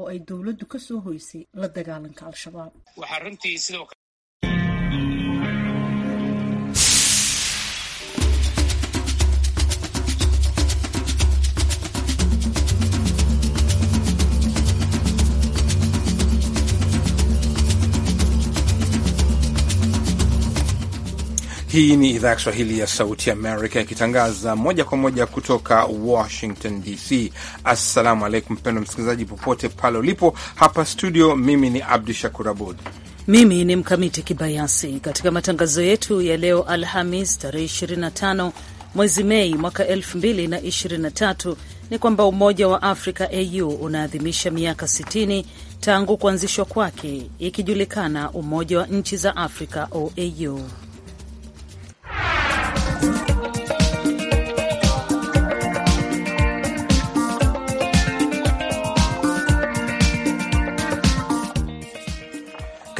oo ay dowladdu ka soo hoysay la dagaalanka al-shabaab Hii ni idhaa ya Kiswahili ya Sauti Amerika ikitangaza moja kwa moja kutoka Washington DC. Assalamu alaikum, mpendo msikilizaji, popote pale ulipo. Hapa studio, mimi ni Abdu Shakur Abud, mimi ni Mkamiti Kibayasi. Katika matangazo yetu ya leo Alhamis tarehe 25 mwezi Mei mwaka 2023 ni kwamba Umoja wa Afrika au unaadhimisha miaka 60 tangu kuanzishwa kwake, ikijulikana Umoja wa Nchi za Afrika OAU.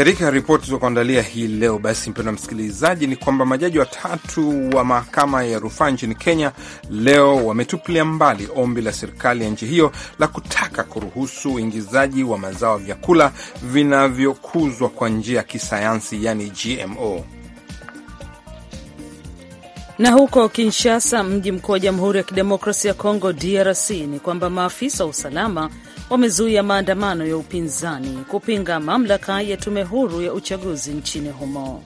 Katika ripoti za kuandalia hii leo, basi mpendwa msikilizaji, ni kwamba majaji watatu wa mahakama ya rufaa nchini Kenya leo wametupilia mbali ombi la serikali ya nchi hiyo la kutaka kuruhusu uingizaji wa mazao ya vyakula vinavyokuzwa kwa njia ya kisayansi, yani GMO. Na huko Kinshasa, mji mkuu wa Jamhuri ya Kidemokrasia ya Kongo, DRC, ni kwamba maafisa wa usalama wamezuia maandamano ya upinzani kupinga mamlaka ya tume huru ya uchaguzi nchini humo.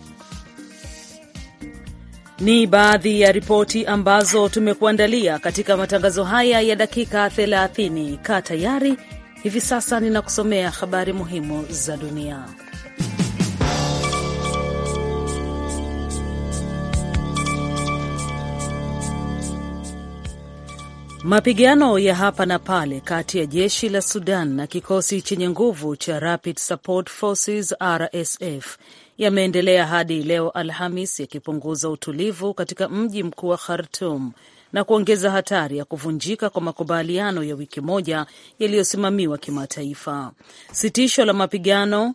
Ni baadhi ya ripoti ambazo tumekuandalia katika matangazo haya ya dakika 30. Kaa tayari, hivi sasa ninakusomea habari muhimu za dunia. Mapigano ya hapa na pale kati ya jeshi la Sudan na kikosi chenye nguvu cha Rapid Support Forces RSF yameendelea hadi leo Alhamis, yakipunguza utulivu katika mji mkuu wa Khartum na kuongeza hatari ya kuvunjika kwa makubaliano ya wiki moja yaliyosimamiwa kimataifa. Sitisho la mapigano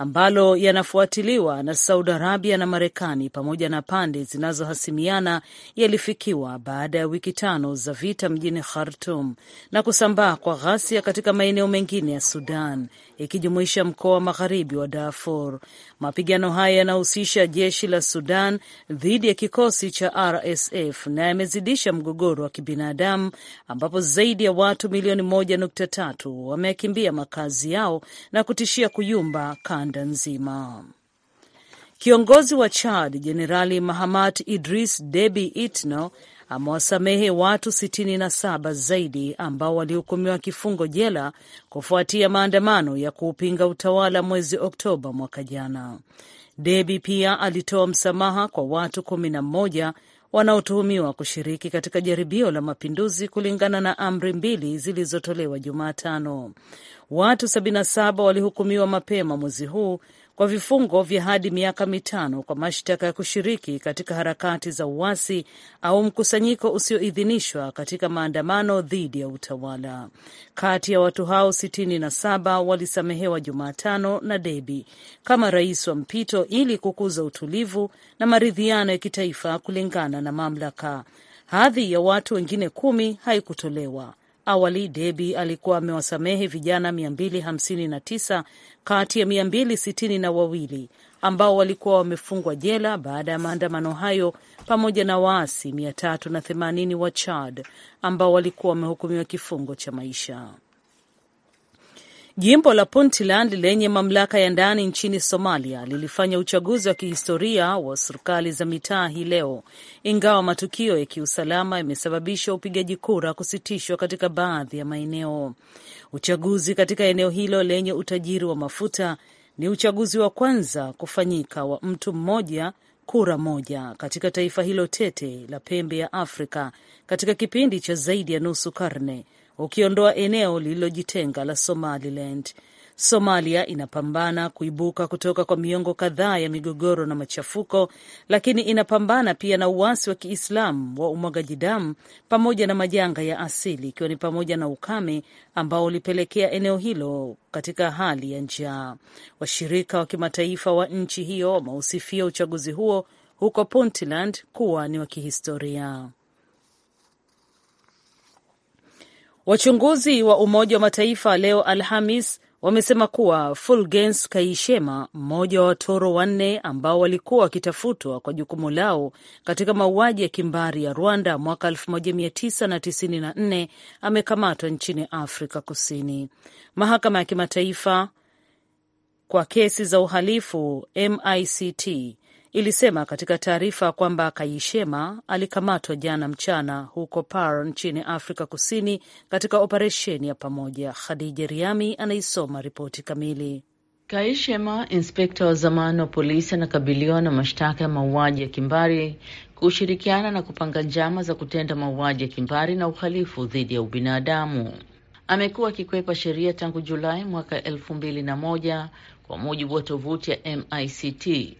ambalo yanafuatiliwa na Saudi Arabia na Marekani pamoja na pande zinazohasimiana yalifikiwa baada ya wiki tano za vita mjini Khartum na kusambaa kwa ghasia katika maeneo mengine ya Sudan ikijumuisha mkoa wa magharibi wa Darfur. Mapigano haya yanahusisha jeshi la Sudan dhidi ya kikosi cha RSF na yamezidisha mgogoro wa kibinadamu ambapo zaidi ya watu milioni moja nukta tatu wamekimbia makazi yao na kutishia kuyumba kanda nzima. Kiongozi wa Chad Jenerali Mahamat Idris Debi Itno amewasamehe watu sitini na saba zaidi ambao walihukumiwa kifungo jela kufuatia maandamano ya kuupinga utawala mwezi Oktoba mwaka jana. Debi pia alitoa msamaha kwa watu kumi na mmoja wanaotuhumiwa kushiriki katika jaribio la mapinduzi kulingana na amri mbili zilizotolewa Jumatano. Watu 77 walihukumiwa mapema mwezi huu kwa vifungo vya hadi miaka mitano kwa mashtaka ya kushiriki katika harakati za uasi au mkusanyiko usioidhinishwa katika maandamano dhidi ya utawala. Kati ya watu hao sitini na saba walisamehewa Jumatano na debi kama rais wa mpito ili kukuza utulivu na maridhiano ya kitaifa kulingana na mamlaka. Hadhi ya watu wengine kumi haikutolewa. Awali Deby alikuwa amewasamehe vijana 259 kati ya 26 na wawili ambao walikuwa wamefungwa jela baada ya maandamano hayo pamoja na waasi 380 wa Chad ambao walikuwa wamehukumiwa kifungo cha maisha. Jimbo la Puntland lenye mamlaka ya ndani nchini Somalia lilifanya uchaguzi wa kihistoria wa serikali za mitaa hii leo, ingawa matukio ya kiusalama yamesababisha upigaji kura kusitishwa katika baadhi ya maeneo. Uchaguzi katika eneo hilo lenye utajiri wa mafuta ni uchaguzi wa kwanza kufanyika wa mtu mmoja kura moja katika taifa hilo tete la pembe ya Afrika katika kipindi cha zaidi ya nusu karne ukiondoa eneo lililojitenga la Somaliland. Somalia inapambana kuibuka kutoka kwa miongo kadhaa ya migogoro na machafuko, lakini inapambana pia na uasi wa Kiislamu wa umwagaji damu pamoja na majanga ya asili, ikiwa ni pamoja na ukame ambao ulipelekea eneo hilo katika hali ya njaa. Washirika wa kimataifa wa nchi hiyo wameusifia uchaguzi huo huko Puntland kuwa ni wa kihistoria. Wachunguzi wa Umoja wa Mataifa leo Alhamis wamesema kuwa Fulgens Kaishema, mmoja wa watoro wanne ambao walikuwa wakitafutwa kwa jukumu lao katika mauaji ya kimbari ya Rwanda mwaka 1994 amekamatwa nchini Afrika Kusini. Mahakama ya Kimataifa kwa Kesi za Uhalifu, MICT, ilisema katika taarifa kwamba Kayishema alikamatwa jana mchana huko Par nchini Afrika Kusini katika operesheni ya pamoja. Khadija Riami anaisoma ripoti kamili. Kayishema, inspekta wa zamani wa polisi, anakabiliwa na mashtaka ya mauaji ya kimbari, kushirikiana na kupanga njama za kutenda mauaji ya kimbari na uhalifu dhidi ya ubinadamu. Amekuwa akikwepa sheria tangu Julai mwaka elfu mbili na moja kwa mujibu wa tovuti ya MICT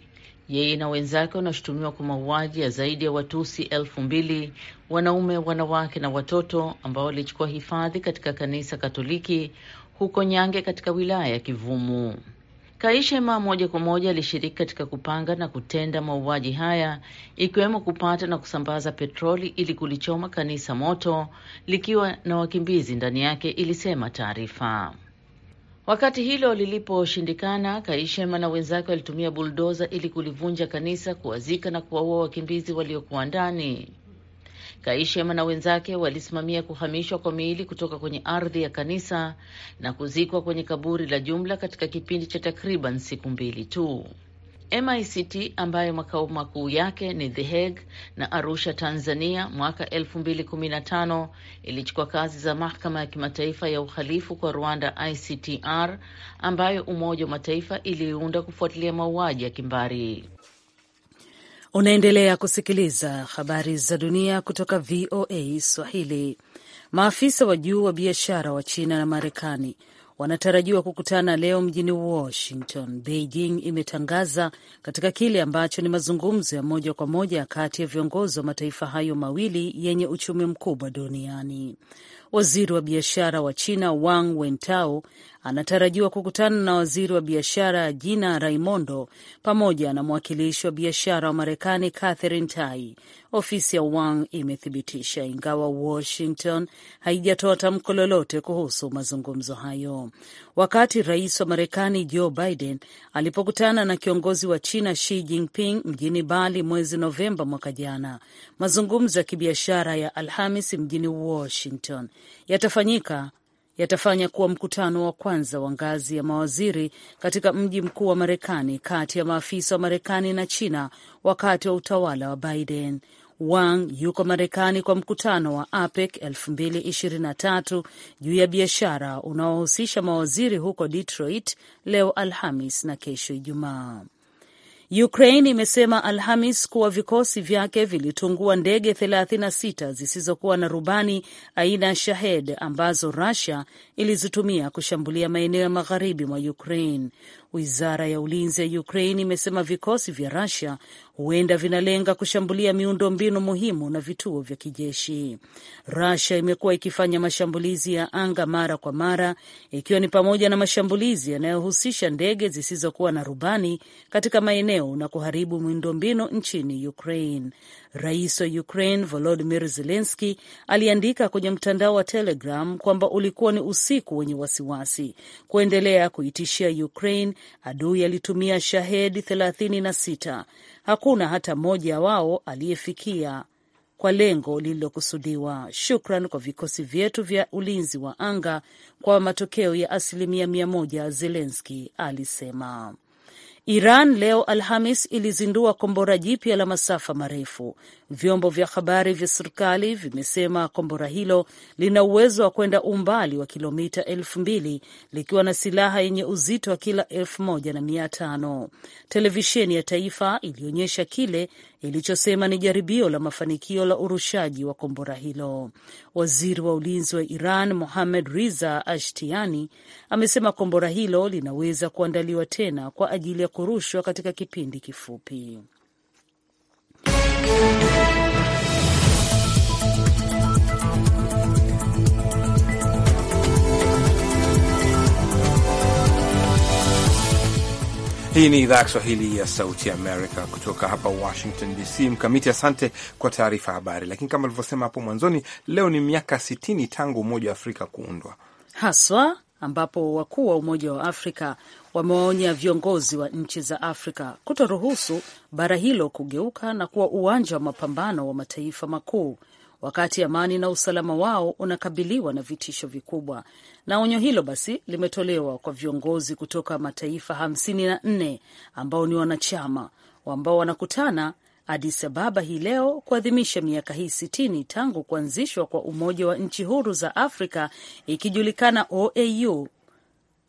yeye na wenzake wanashutumiwa kwa mauaji ya zaidi ya Watusi elfu mbili, wanaume, wanawake na watoto ambao walichukua hifadhi katika kanisa Katoliki huko Nyange katika wilaya ya Kivumu. Kaishema moja kwa moja alishiriki katika kupanga na kutenda mauaji haya ikiwemo kupata na kusambaza petroli ili kulichoma kanisa moto likiwa na wakimbizi ndani yake, ilisema taarifa. Wakati hilo liliposhindikana, Kaishema na wenzake walitumia buldoza ili kulivunja kanisa, kuwazika na kuwaua wakimbizi waliokuwa ndani. Kaishema na wenzake walisimamia kuhamishwa kwa miili kutoka kwenye ardhi ya kanisa na kuzikwa kwenye kaburi la jumla katika kipindi cha takriban siku mbili tu. MICT ambayo makao makuu yake ni The Hague na Arusha, Tanzania, mwaka 2015 ilichukua kazi za mahakama ya kimataifa ya uhalifu kwa Rwanda, ICTR, ambayo Umoja wa Mataifa iliunda kufuatilia mauaji ya kimbari. Unaendelea kusikiliza habari za dunia kutoka VOA Swahili. Maafisa wa juu wa biashara wa China na Marekani wanatarajiwa kukutana leo mjini Washington. Beijing imetangaza katika kile ambacho ni mazungumzo ya moja kwa moja kati ya viongozi wa mataifa hayo mawili yenye uchumi mkubwa duniani. Waziri wa biashara wa China Wang Wentao anatarajiwa kukutana na waziri wa biashara Gina Raimondo pamoja na mwakilishi wa biashara wa Marekani Catherine Tai, ofisi ya Wang imethibitisha, ingawa Washington haijatoa tamko lolote kuhusu mazungumzo hayo wakati rais wa Marekani Joe Biden alipokutana na kiongozi wa China Xi Jinping mjini Bali mwezi Novemba mwaka jana. Mazungumzo ya kibiashara ya Alhamis mjini Washington yatafanyika yatafanya kuwa mkutano wa kwanza wa ngazi ya mawaziri katika mji mkuu wa Marekani kati ya maafisa wa Marekani na China wakati wa utawala wa Biden. Wang yuko Marekani kwa mkutano wa APEC 2023 juu ya biashara unaohusisha mawaziri huko Detroit leo Alhamis na kesho Ijumaa. Ukraine imesema Alhamis kuwa vikosi vyake vilitungua ndege 36 zisizokuwa na rubani aina ya Shahed ambazo Russia ilizitumia kushambulia maeneo ya magharibi mwa Ukraine. Wizara ya ulinzi ya Ukraine imesema vikosi vya Rusia huenda vinalenga kushambulia miundo mbinu muhimu na vituo vya kijeshi. Rusia imekuwa ikifanya mashambulizi ya anga mara kwa mara, ikiwa ni pamoja na mashambulizi yanayohusisha ndege zisizokuwa na rubani katika maeneo na kuharibu miundo mbinu nchini Ukraine. Rais wa Ukraine volodimir zelenski aliandika kwenye mtandao wa Telegram kwamba ulikuwa ni usiku wenye wasiwasi. Kuendelea kuitishia Ukraine, adui alitumia shahedi thelathini na sita. Hakuna hata mmoja wao aliyefikia kwa lengo lililokusudiwa. Shukran kwa vikosi vyetu vya ulinzi wa anga kwa matokeo ya asilimia mia moja, Zelenski alisema. Iran leo Alhamis ilizindua kombora jipya la masafa marefu Vyombo vya habari vya serikali vimesema kombora hilo lina uwezo wa kwenda umbali wa kilomita elfu mbili likiwa na silaha yenye uzito wa kila elfu moja na mia tano. Televisheni ya taifa ilionyesha kile ilichosema ni jaribio la mafanikio la urushaji wa kombora hilo. Waziri wa ulinzi wa Iran Mohamed Riza Ashtiani amesema kombora hilo linaweza kuandaliwa tena kwa ajili ya kurushwa katika kipindi kifupi. Hii ni idhaa ya Kiswahili ya Sauti ya Amerika kutoka hapa Washington DC. Mkamiti, asante kwa taarifa habari. Lakini kama alivyosema hapo mwanzoni, leo ni miaka 60 tangu Umoja wa Afrika kuundwa haswa, ambapo wakuu wa Umoja wa Afrika wamewaonya viongozi wa nchi za Afrika kutoruhusu bara hilo kugeuka na kuwa uwanja wa mapambano wa mataifa makuu wakati amani na usalama wao unakabiliwa na vitisho vikubwa na onyo hilo basi limetolewa kwa viongozi kutoka mataifa hamsini na nne ambao ni wanachama ambao wanakutana Addis Ababa hii leo kuadhimisha miaka hii sitini tangu kuanzishwa kwa Umoja wa Nchi Huru za Afrika ikijulikana OAU,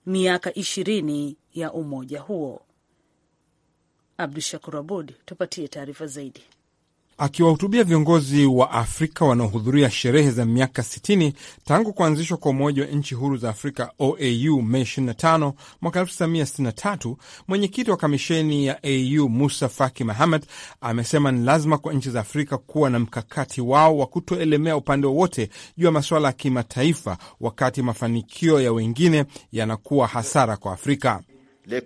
miaka ishirini ya umoja huo. Abdu Shakur Abud, tupatie taarifa zaidi. Akiwahutubia viongozi wa Afrika wanaohudhuria sherehe za miaka 60 tangu kuanzishwa kwa Umoja wa Nchi Huru za Afrika, OAU, Mei 25 mwaka 1963, mwenyekiti wa kamisheni ya AU Musa Faki mahamad amesema ni lazima kwa nchi za Afrika kuwa na mkakati wao wa kutoelemea upande wowote juu ya masuala ya kimataifa, wakati mafanikio ya wengine yanakuwa hasara kwa Afrika. Les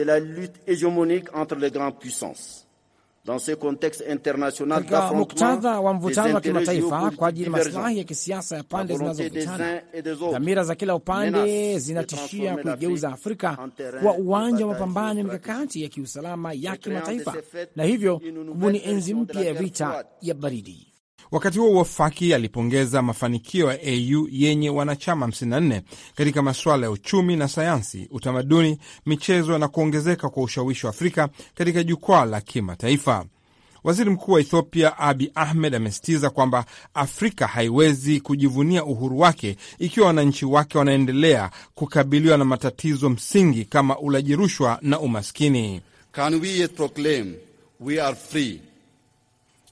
de la lutte hégémonique entre les grandes puissances. Katika muktadha wa mvutano wa kimataifa kwa ajili ya masilahi ya kisiasa ya pande zinazovutana, dhamira za kila upande zinatishia kuigeuza Afrika kuwa uwanja wa mapambano ya mikakati ya kiusalama ya kimataifa, na hivyo kubuni enzi mpya ya vita ya baridi. Wakati huo huo, Faki alipongeza mafanikio ya AU yenye wanachama 54 katika masuala ya uchumi na sayansi, utamaduni, michezo na kuongezeka kwa ushawishi wa Afrika katika jukwaa la kimataifa. Waziri Mkuu wa Ethiopia Abi Ahmed amesisitiza kwamba Afrika haiwezi kujivunia uhuru wake ikiwa wananchi wake wanaendelea kukabiliwa na matatizo msingi kama ulaji rushwa na umaskini. Can we proclaim we are free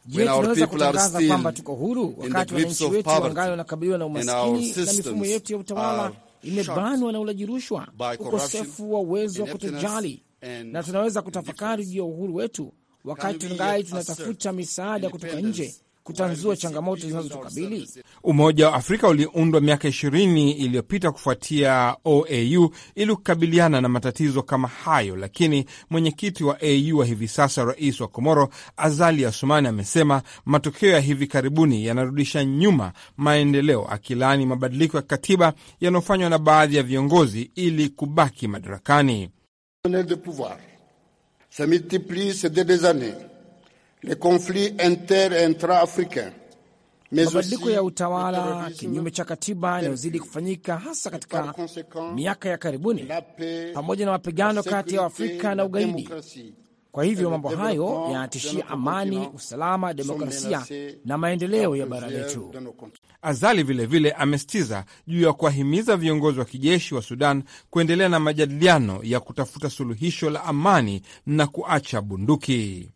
Je, tunaweza kutangaza kwamba tuko huru wakati wananchi wetu wangali wanakabiliwa na umaskini na mifumo yetu ya utawala imebanwa na ulaji rushwa, ukosefu wa uwezo wa kutojali, na tunaweza kutafakari juu ya uhuru wetu wakati tungali tunatafuta misaada kutoka nje kutanzua changamoto zinazotukabili. Umoja wa Afrika uliundwa miaka ishirini iliyopita kufuatia OAU ili kukabiliana na matatizo kama hayo, lakini mwenyekiti wa AU wa hivi sasa, rais wa Komoro Azali Asumani, amesema matokeo ya hivi karibuni yanarudisha nyuma maendeleo, akilaani mabadiliko ya katiba yanayofanywa na baadhi ya viongozi ili kubaki madarakani. Mabadiliko ya utawala kinyume cha katiba yanayozidi kufanyika hasa katika miaka ya karibuni, pamoja na mapigano kati ya Afrika na ugaidi. Kwa hivyo mambo hayo yanatishia amani, usalama, demokrasia na maendeleo ya bara letu. Azali vilevile amesitiza juu ya kuwahimiza viongozi wa kijeshi wa Sudan kuendelea na majadiliano ya kutafuta suluhisho la amani na kuacha bunduki.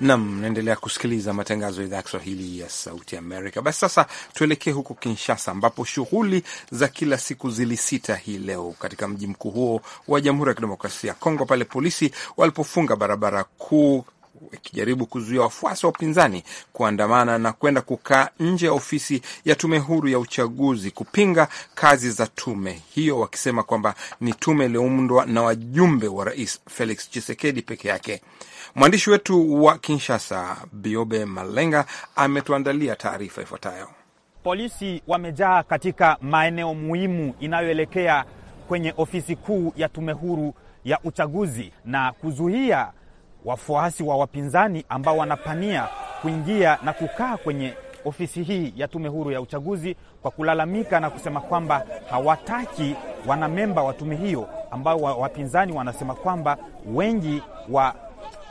Nam, naendelea kusikiliza matangazo ya idhaa ya Kiswahili ya Sauti Amerika. Basi sasa tuelekee huko Kinshasa, ambapo shughuli za kila siku zilisita hii leo katika mji mkuu huo wa Jamhuri ya Kidemokrasia ya Kongo, pale polisi walipofunga barabara kuu ikijaribu kuzuia wafuasi wa upinzani kuandamana na kwenda kukaa nje ya ofisi ya tume huru ya uchaguzi kupinga kazi za tume hiyo, wakisema kwamba ni tume iliyoundwa na wajumbe wa Rais Felix Tshisekedi peke yake. Mwandishi wetu wa Kinshasa, Biobe Malenga, ametuandalia taarifa ifuatayo. Polisi wamejaa katika maeneo muhimu inayoelekea kwenye ofisi kuu ya tume huru ya uchaguzi na kuzuia wafuasi wa wapinzani ambao wanapania kuingia na kukaa kwenye ofisi hii ya tume huru ya uchaguzi kwa kulalamika na kusema kwamba hawataki wanamemba wa tume hiyo ambao wapinzani wanasema kwamba wengi wa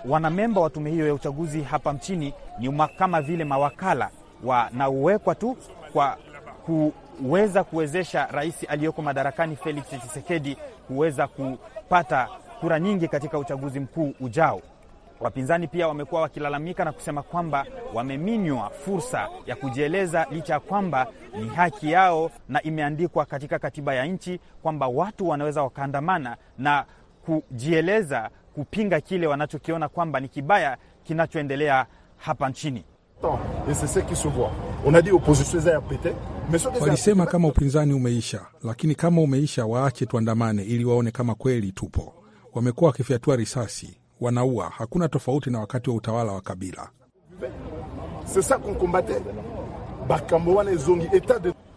wanamemba wa tume hiyo ya uchaguzi hapa nchini ni kama vile mawakala wanaowekwa tu kwa kuweza kuwezesha rais aliyoko madarakani Felix Tshisekedi kuweza kupata kura nyingi katika uchaguzi mkuu ujao. Wapinzani pia wamekuwa wakilalamika na kusema kwamba wameminywa fursa ya kujieleza licha ya kwamba ni haki yao na imeandikwa katika katiba ya nchi kwamba watu wanaweza wakaandamana na kujieleza kupinga kile wanachokiona kwamba ni kibaya kinachoendelea hapa nchini. Walisema kama upinzani umeisha, lakini kama umeisha, waache tuandamane ili waone kama kweli tupo. Wamekuwa wakifyatua risasi, wanaua. Hakuna tofauti na wakati wa utawala wa Kabila.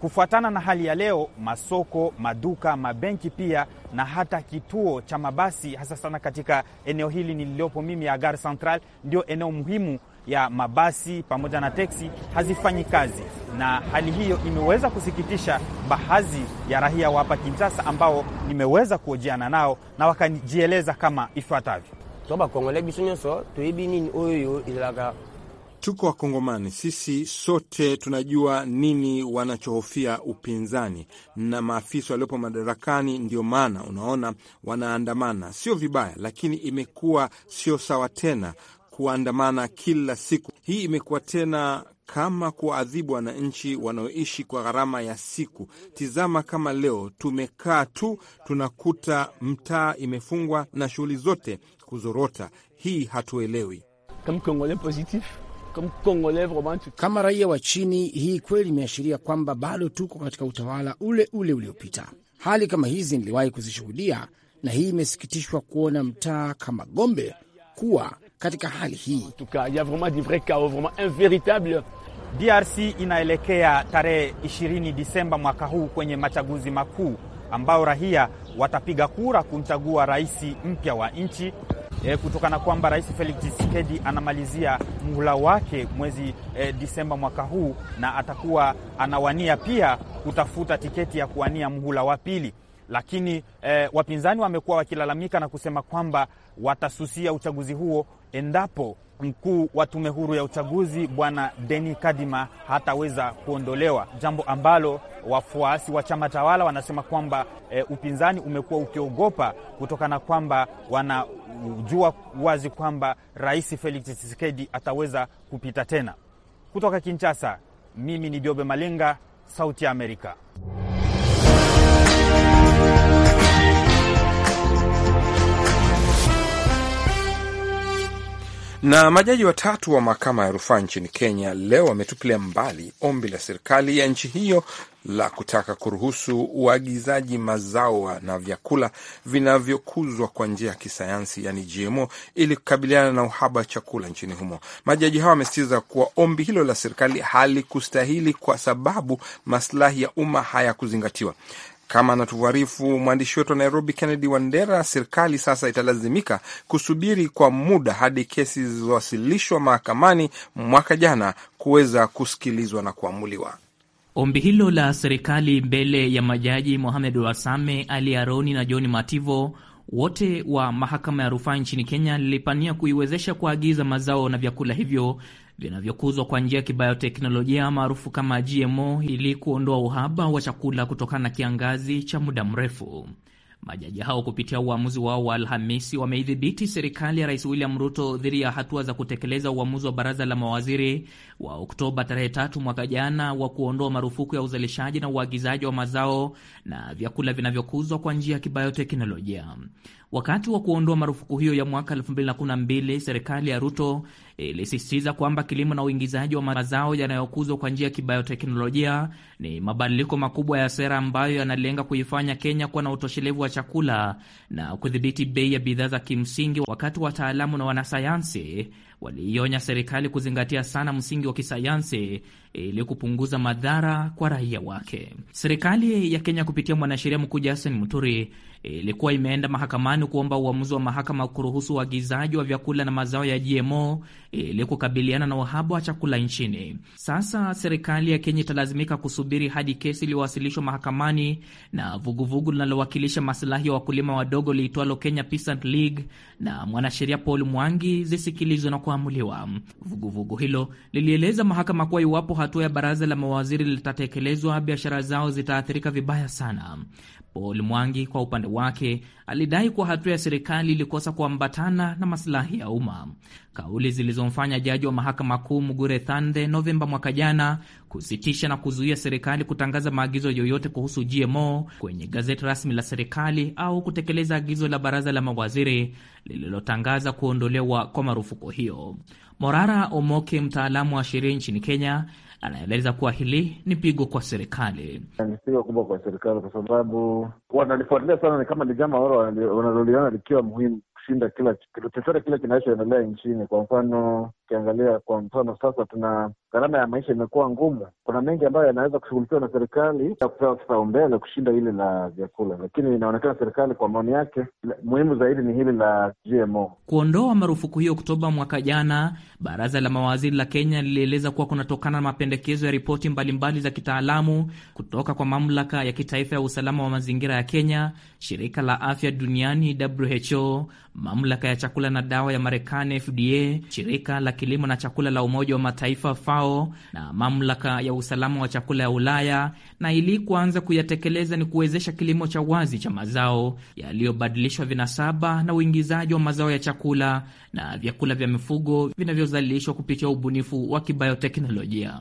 Kufuatana na hali ya leo, masoko, maduka, mabenki pia na hata kituo cha mabasi, hasa sana katika eneo hili nililopo mimi ya Gare Central, ndio eneo muhimu ya mabasi pamoja na teksi hazifanyi kazi, na hali hiyo imeweza kusikitisha baadhi ya raia wa hapa Kinshasa ambao nimeweza kuojiana nao na wakajieleza kama ifuatavyo: tobakongole kongole biso nyonso toyebi nini oyoyo ezalaka Tuko Wakongomani, sisi sote tunajua nini wanachohofia upinzani na maafisa waliopo madarakani. Ndio maana unaona wanaandamana, sio vibaya, lakini imekuwa sio sawa tena kuandamana kila siku. Hii imekuwa tena kama kuwaadhibu wananchi wanaoishi kwa gharama ya siku. Tizama kama leo tumekaa tu, tunakuta mtaa imefungwa na shughuli zote kuzorota. Hii hatuelewi. Kama Kongole positif kama raia wa chini, hii kweli imeashiria kwamba bado tuko katika utawala ule ule uliopita. Hali kama hizi niliwahi kuzishuhudia, na hii imesikitishwa kuona mtaa kama Gombe kuwa katika hali hii. DRC inaelekea tarehe 20 Disemba mwaka huu kwenye machaguzi makuu ambao raia watapiga kura kumchagua rais mpya wa nchi e, kutokana kwamba Rais Felix Tshisekedi anamalizia muhula wake mwezi e, Disemba mwaka huu, na atakuwa anawania pia kutafuta tiketi ya kuwania muhula wa pili lakini e, wapinzani wamekuwa wakilalamika na kusema kwamba watasusia uchaguzi huo endapo mkuu wa tume huru ya uchaguzi Bwana Deni Kadima hataweza kuondolewa, jambo ambalo wafuasi wa chama tawala wanasema kwamba e, upinzani umekuwa ukiogopa kutokana kwamba wanajua wazi kwamba Rais Felix Tshisekedi ataweza kupita tena. Kutoka Kinshasa, mimi ni Jobe Malenga, Sauti ya Amerika. Na majaji watatu wa mahakama ya rufaa nchini Kenya leo wametupilia mbali ombi la serikali ya nchi hiyo la kutaka kuruhusu uagizaji mazao na vyakula vinavyokuzwa kwa njia ya kisayansi yani GMO ili kukabiliana na uhaba wa chakula nchini humo. Majaji hao wamesitiza kuwa ombi hilo la serikali halikustahili kwa sababu maslahi ya umma hayakuzingatiwa. Kama anatuarifu mwandishi wetu wa Nairobi, Kennedy Wandera, serikali sasa italazimika kusubiri kwa muda hadi kesi zilizowasilishwa mahakamani mwaka jana kuweza kusikilizwa na kuamuliwa. Ombi hilo la serikali mbele ya majaji Mohamed Wasame, Ali Aroni na John Mativo, wote wa mahakama ya rufaa nchini Kenya, lilipania kuiwezesha kuagiza mazao na vyakula hivyo vinavyokuzwa kwa njia ya kibayoteknolojia maarufu kama GMO ili kuondoa uhaba wa chakula kutokana na kiangazi cha muda mrefu. Majaji hao kupitia uamuzi wao wa Alhamisi wameidhibiti serikali ya Rais William Ruto dhidi ya hatua za kutekeleza uamuzi wa baraza la mawaziri wa Oktoba tarehe tatu mwaka jana wa kuondoa marufuku ya uzalishaji na uagizaji wa mazao na vyakula vinavyokuzwa kwa njia ya kibayoteknolojia. Wakati wa kuondoa marufuku hiyo ya mwaka 2012 serikali ya Ruto eh, ilisisitiza kwamba kilimo na uingizaji wa mazao yanayokuzwa kwa njia ya kibayoteknolojia ni mabadiliko makubwa ya sera ambayo yanalenga kuifanya Kenya kuwa na utoshelevu wa chakula na kudhibiti bei ya bidhaa za kimsingi, wakati wataalamu na wanasayansi waliionya serikali kuzingatia sana msingi wa kisayansi ili kupunguza madhara kwa raia wake. Serikali ya Kenya kupitia mwanasheria mkuu Jason Muturi E, ilikuwa imeenda mahakamani kuomba uamuzi wa mahakama kuruhusu uagizaji wa, vyakula na mazao ya GMO e, ili kukabiliana na uhaba wa chakula nchini. Sasa serikali ya Kenya italazimika kusubiri hadi kesi iliyowasilishwa mahakamani na vuguvugu linalowakilisha masilahi ya wa wakulima wadogo liitwalo Kenya Peasant League na mwanasheria Paul Mwangi zisikilizwe na kuamuliwa. Vuguvugu hilo lilieleza mahakama kuwa iwapo hatua ya baraza la mawaziri litatekelezwa, biashara zao zitaathirika vibaya sana. Paul Mwangi kwa upande wake alidai kuwa hatua ya serikali ilikosa kuambatana na masilahi ya umma, kauli zilizomfanya jaji wa mahakama kuu Mugure Thande Novemba mwaka jana kusitisha na kuzuia serikali kutangaza maagizo yoyote kuhusu GMO kwenye gazeti rasmi la serikali au kutekeleza agizo la baraza la mawaziri lililotangaza kuondolewa kwa marufuku hiyo. Morara Omoke, mtaalamu wa sheria nchini Kenya, anaeleza kuwa hili ni pigo kwa serikali. Ni pigo kubwa kwa serikali, kwa sababu wanalifuatilia sana, ni kama ni jambo ambalo wanaloliona likiwa muhimu kushinda kila chochote kile kinachoendelea nchini. Kwa mfano, ukiangalia kwa mfano sasa tuna gharama ya maisha imekuwa ngumu. Kuna mengi ambayo yanaweza kushughulikiwa na serikali ya kupewa kipaumbele kushinda hili la vyakula, lakini inaonekana serikali, kwa maoni yake, muhimu zaidi ni hili la GMO. Kuondoa marufuku hiyo Oktoba mwaka jana, baraza la mawaziri la Kenya lilieleza kuwa kunatokana na mapendekezo ya ripoti mbalimbali za kitaalamu kutoka kwa mamlaka ya kitaifa ya usalama wa mazingira ya Kenya, shirika la afya duniani WHO, mamlaka ya chakula na dawa ya Marekani FDA, shirika la kilimo na chakula la Umoja wa Mataifa FAO, kwao na mamlaka ya usalama wa chakula ya Ulaya, na ili kuanza kuyatekeleza ni kuwezesha kilimo cha wazi cha mazao yaliyobadilishwa vinasaba na uingizaji wa mazao ya chakula na vyakula vya mifugo vinavyozalishwa kupitia ubunifu wa kibayoteknolojia.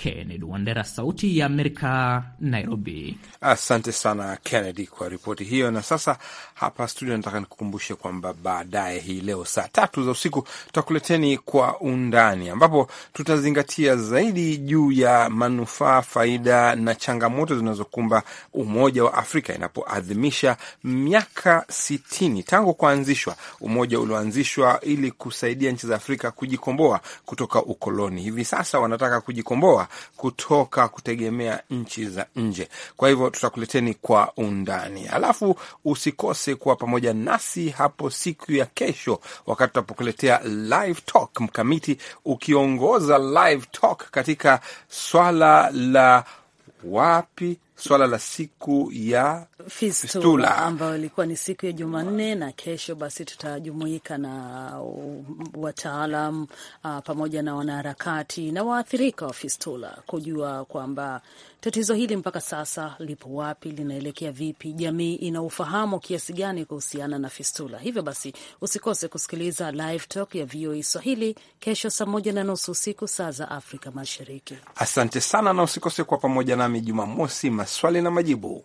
Kennedy Wandera, Sauti ya Amerika, Nairobi. Asante sana Kennedy kwa ripoti hiyo. Na sasa hapa studio, nataka nikukumbushe kwamba baadaye hii leo saa tatu za usiku tutakuleteni Kwa Undani, ambapo tutazingatia zaidi juu ya manufaa, faida na changamoto zinazokumba Umoja wa Afrika inapoadhimisha miaka sitini tangu kuanzishwa. Umoja ulioanzishwa ili kusaidia nchi za Afrika kujikomboa kutoka ukoloni. Hivi sasa wanataka kujikomboa kutoka kutegemea nchi za nje. Kwa hivyo tutakuleteni kwa undani, alafu usikose kuwa pamoja nasi hapo siku ya kesho, wakati tutapokuletea live talk, mkamiti ukiongoza live talk katika swala la wapi swala la siku ya fistula ambayo ilikuwa ni siku ya Jumanne, na kesho basi tutajumuika na wataalam uh, pamoja na wanaharakati na waathirika wa fistula kujua kwamba tatizo hili mpaka sasa lipo wapi, linaelekea vipi, jamii ina ufahamu kiasi gani kuhusiana na fistula. Hivyo basi usikose kusikiliza live talk ya VOA e Swahili kesho saa moja na nusu usiku saa za Afrika Mashariki. Asante sana na usikose kuwa pamoja nami Jumamosi swali na majibu.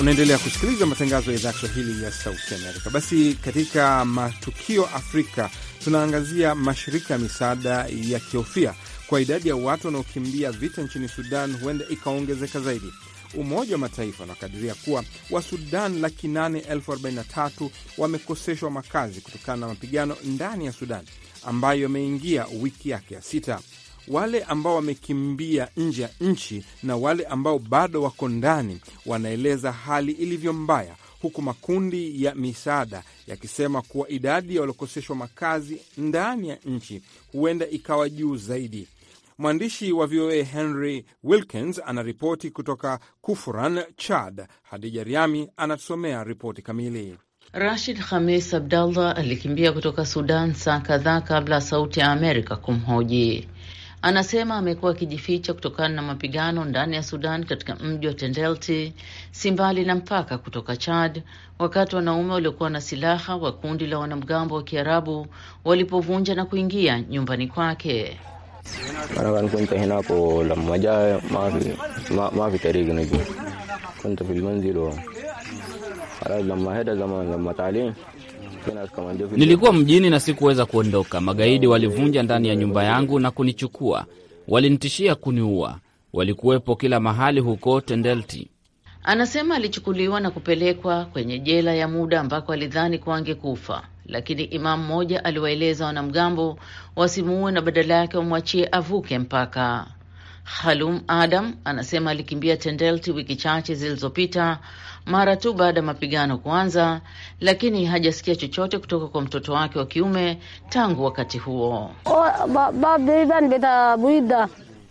Unaendelea kusikiliza matangazo ya idhaa ya Kiswahili ya Sauti Amerika. Basi katika matukio Afrika tunaangazia mashirika ya misaada ya kiofia kwa idadi ya watu wanaokimbia vita nchini Sudan huenda ikaongezeka zaidi. Umoja wa Mataifa unakadiria kuwa Wasudan laki nane wamekoseshwa makazi kutokana na mapigano ndani ya Sudan ambayo yameingia wiki yake ya sita. Wale ambao wamekimbia nje ya nchi na wale ambao bado wako ndani wanaeleza hali ilivyo mbaya, huku makundi ya misaada yakisema kuwa idadi ya waliokoseshwa makazi ndani ya nchi huenda ikawa juu zaidi. Mwandishi wa VOA Henry Wilkins anaripoti kutoka Kufuran, Chad. Hadija Riami anatusomea ripoti kamili. Rashid Khamis Abdallah alikimbia kutoka Sudan saa kadhaa kabla ya Sauti ya Amerika kumhoji. Anasema amekuwa akijificha kutokana na mapigano ndani ya Sudan katika mji wa Tendelti, si mbali na mpaka kutoka Chad, wakati wanaume waliokuwa na silaha wa kundi la wanamgambo wa Kiarabu walipovunja na kuingia nyumbani kwake. Mara kan kunta hina ko lamma ما, ma fi tarigi na juu kunta fil manzil wa khalas lamma heda zaman Nilikuwa mjini na sikuweza kuondoka. Magaidi walivunja ndani ya nyumba yangu na kunichukua, walinitishia kuniua. Walikuwepo kila mahali huko Tendelti. Anasema alichukuliwa na kupelekwa kwenye jela ya muda ambako alidhani kuwa angekufa lakini imamu mmoja aliwaeleza wanamgambo wasimuue na badala yake wamwachie avuke mpaka. Halum Adam anasema alikimbia Tendelti wiki chache zilizopita mara tu baada ya mapigano kuanza, lakini hajasikia chochote kutoka kwa mtoto wake wa kiume tangu wakati huo.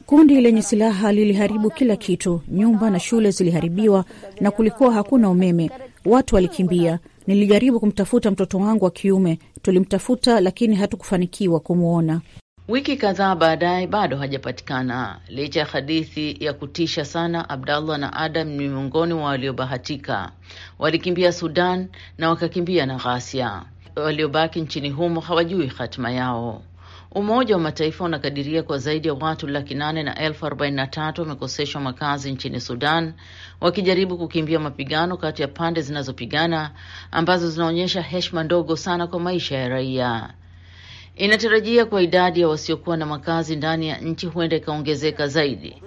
Kundi lenye silaha liliharibu kila kitu, nyumba na shule ziliharibiwa, na kulikuwa hakuna umeme. Watu walikimbia, Nilijaribu kumtafuta mtoto wangu wa kiume, tulimtafuta lakini hatukufanikiwa kumwona. Wiki kadhaa baadaye bado hajapatikana. Licha ya hadithi ya kutisha sana, Abdallah na Adam ni miongoni mwa waliobahatika. Walikimbia Sudan na wakakimbia na ghasia. Waliobaki nchini humo hawajui hatima yao. Umoja wa Mataifa unakadiria kwa zaidi ya watu laki nane na elfu arobaini na tatu wamekoseshwa makazi nchini Sudan wakijaribu kukimbia mapigano kati ya pande zinazopigana ambazo zinaonyesha heshima ndogo sana kwa maisha ya raia. Inatarajia kwa idadi ya wasiokuwa na makazi ndani ya nchi huenda ikaongezeka zaidi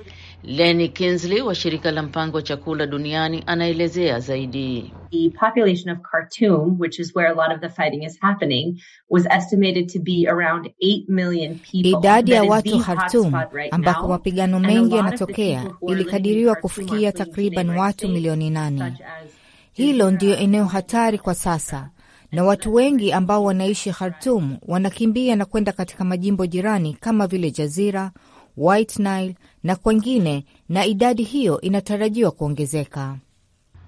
Lenny Kinsley wa shirika la mpango wa chakula duniani anaelezea zaidi. The population of Khartoum, which is where a lot of the fighting is happening, was estimated to be around 8 million people. Idadi ya watu Khartoum right ambapo mapigano mengi yanatokea ilikadiriwa kufikia takriban watu milioni nane. Hilo ndiyo eneo hatari kwa sasa na watu wengi ambao wanaishi Khartoum wanakimbia na kwenda katika majimbo jirani kama vile Jazira, White Nile na kwengine, na idadi hiyo inatarajiwa kuongezeka.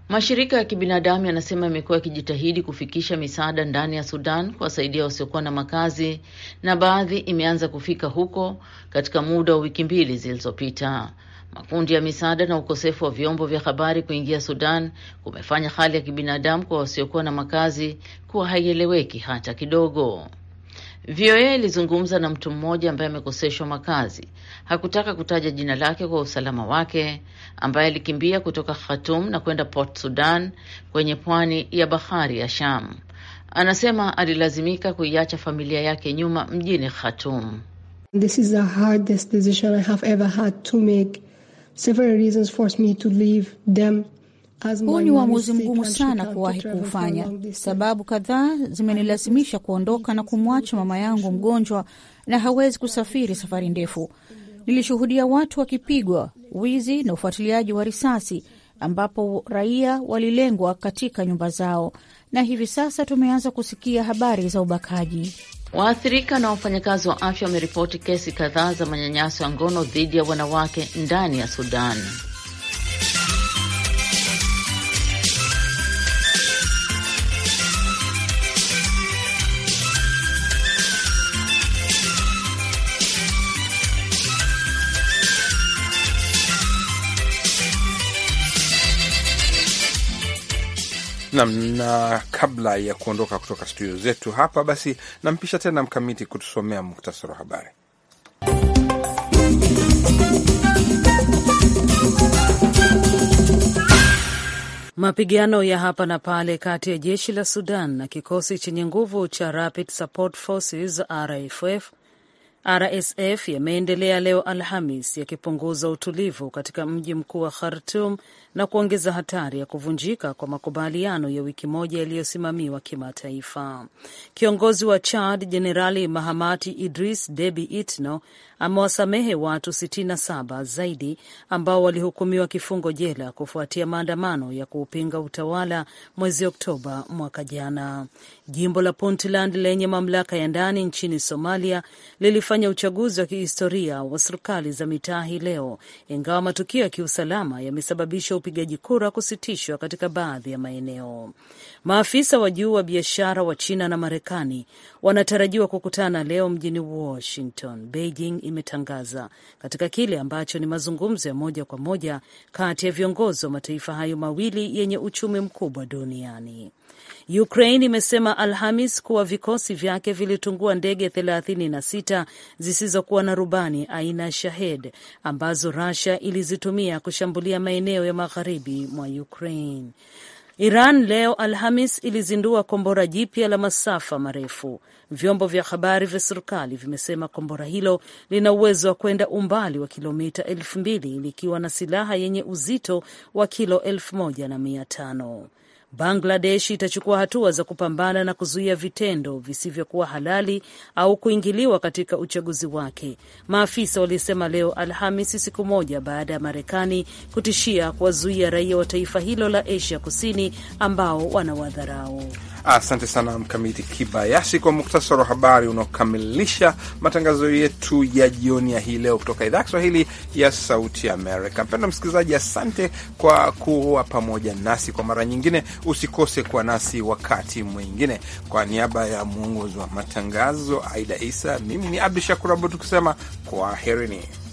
Mashirika ya kibinadamu yanasema yamekuwa yakijitahidi kufikisha misaada ndani ya Sudan kuwasaidia wasiokuwa na makazi, na baadhi imeanza kufika huko katika muda wa wiki mbili zilizopita. Makundi ya misaada na ukosefu wa vyombo vya habari kuingia Sudan kumefanya hali ya kibinadamu kwa wasiokuwa na makazi kuwa haieleweki hata kidogo. VOA ilizungumza na mtu mmoja ambaye amekoseshwa makazi, hakutaka kutaja jina lake kwa usalama wake, ambaye alikimbia kutoka Khartoum na kwenda Port Sudan kwenye pwani ya bahari ya Sham. Anasema alilazimika kuiacha familia yake nyuma mjini Khartoum. This is the hardest decision I have ever had to make. Several reasons forced me to leave them. Huu ni uamuzi mgumu sana kuwahi kuufanya. Sababu kadhaa zimenilazimisha kuondoka na kumwacha mama yangu mgonjwa na hawezi kusafiri safari ndefu. Nilishuhudia watu wakipigwa, wizi na ufuatiliaji wa risasi, ambapo raia walilengwa katika nyumba zao, na hivi sasa tumeanza kusikia habari za ubakaji. Waathirika na wafanyakazi wa afya wameripoti kesi kadhaa za manyanyaso ya ngono dhidi ya wanawake ndani ya Sudan. Nam, na kabla ya kuondoka kutoka studio zetu hapa, basi nampisha tena Mkamiti kutusomea muktasari wa habari. Mapigano ya hapa na pale kati ya jeshi la Sudan na kikosi chenye nguvu cha Rapid Support Forces RFF RSF yameendelea leo Alhamis yakipunguza utulivu katika mji mkuu wa Khartum na kuongeza hatari ya kuvunjika kwa makubaliano ya wiki moja yaliyosimamiwa kimataifa. Kiongozi wa Chad Jenerali Mahamati Idris Debi Itno amewasamehe watu 67 zaidi ambao walihukumiwa kifungo jela kufuatia maandamano ya kuupinga utawala mwezi Oktoba mwaka jana. Jimbo la Puntland lenye mamlaka ya ndani nchini Somalia lilifanya kufanya uchaguzi wa kihistoria wa serikali za mitaa hii leo, ingawa matukio ya kiusalama yamesababisha upigaji kura kusitishwa katika baadhi ya maeneo. Maafisa wa juu wa biashara wa China na Marekani wanatarajiwa kukutana leo mjini Washington, Beijing imetangaza, katika kile ambacho ni mazungumzo ya moja kwa moja kati ya viongozi wa mataifa hayo mawili yenye uchumi mkubwa duniani. Ukraine imesema Alhamis kuwa vikosi vyake vilitungua ndege 36 zisizokuwa na rubani aina ya Shahed ambazo Russia ilizitumia kushambulia maeneo ya magharibi mwa Ukraine. Iran leo Alhamis ilizindua kombora jipya la masafa marefu. Vyombo vya habari vya serikali vimesema kombora hilo lina uwezo wa kwenda umbali wa kilomita elfu mbili likiwa na silaha yenye uzito wa kilo elfu moja na mia tano. Bangladesh itachukua hatua za kupambana na kuzuia vitendo visivyokuwa halali au kuingiliwa katika uchaguzi wake, maafisa walisema leo Alhamis, siku moja baada ya Marekani kutishia kuwazuia raia wa taifa hilo la Asia Kusini ambao wanawadharau. Asante sana Mkamiti Kibayasi kwa muktasari wa habari unaokamilisha matangazo yetu ya jioni ya hii leo kutoka idhaa ya Kiswahili ya Sauti Amerika. Mpendwa msikilizaji, asante kwa kuwa pamoja nasi kwa mara nyingine. Usikose kuwa nasi wakati mwingine. Kwa niaba ya mwongozi wa matangazo Aida Isa, mimi ni Abdu Shakur Abud tukisema kwaherini.